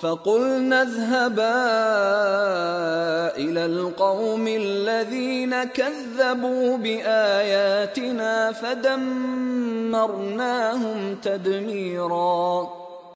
فقلنا اذهبا إلى القوم الذين كذبوا بآياتنا فدمرناهم تدميراً